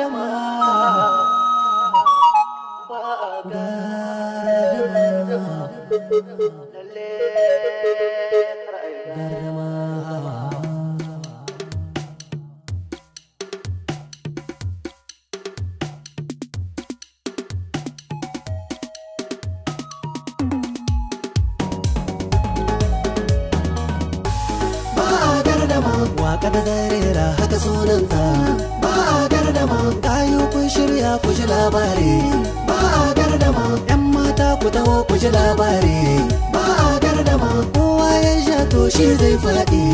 Waƙar da zarera haka sunanta labari ba a gardama yan mata ku taho ku ji labari ba a gardama kowa ya sha to shi zai faɗi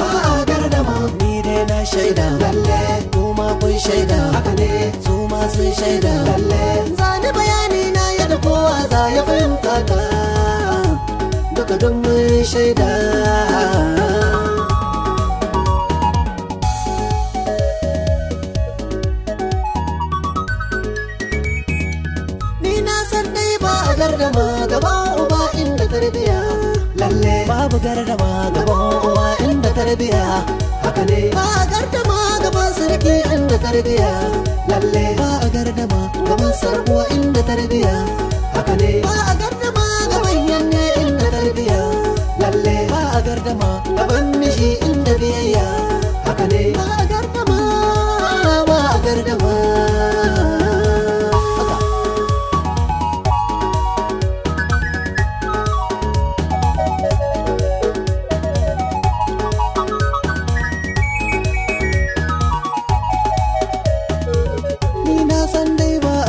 ba a gardama ni dai na shaida lalle kuma kun shaida haka ne su ma sun shaida lalle zani bayani na yadda kowa za ya fahimta ta duka don mai shaida gardama gaba uba inda tarbiya lalle babu gardama gaba uba inda tarbiya haka ne ba gardama gaba sarki inda tarbiya lalle ba gardama gaban sarkuwa inda tarbiya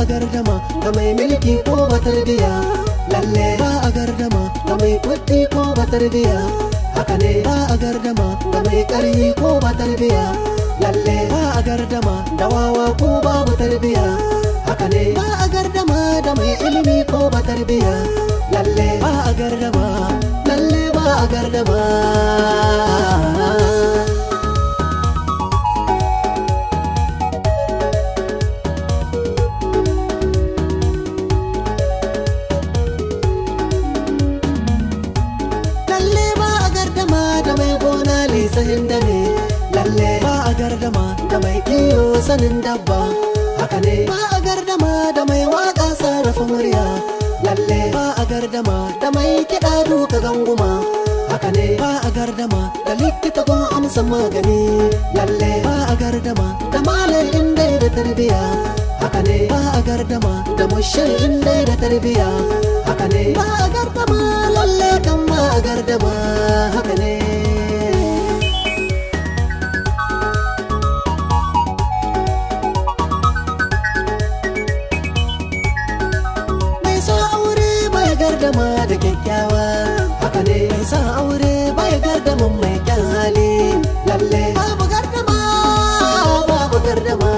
a gardama mai mulki ko ba tarbiya lalle ba a gardama mai kuɗi ko ba tarbiya haka ne ba a gardama mai ƙarfi ko ba tarbiya lalle ba a gardama da wawa ko babu tarbiya haka ne ba a gardama da mai ilimi ko ba tarbiya lalle ba a lalle ba a sanin da ne lalle ba a gardama da mai iyo sanin dabba haka ne ba a gardama da mai waka sarrafa murya lalle ba a gardama da mai kiɗa duka ganguma haka ne ba a gardama da likita ko amsa magani lalle ba a gardama da malai inda da tarbiya haka ne ba a gardama da mushin inda da tarbiya haka ne ba a gardama lalle kan ma a gardama haka ne kyakkyawa haka ne san aure baya gardamin mai kyan hali lalle babu gardama babu gardama